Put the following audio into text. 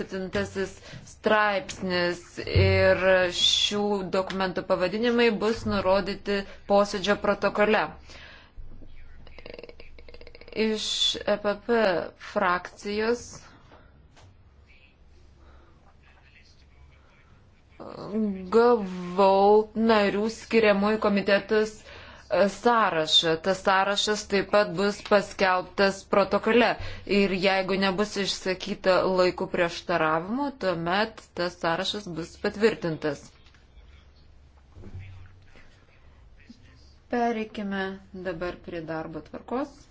septintasis straipsnis ir šių dokumentų pavadinimai bus nurodyti posėdžio protokole. Iš EPP frakcijos gavau narių skiriamų į komitetus sąrašą. Tas sąrašas taip pat bus paskelbtas protokole. Ir jeigu nebus išsakyta laikų prieštaravimo, tuomet tas sąrašas bus patvirtintas. Pereikime dabar prie darbo tvarkos.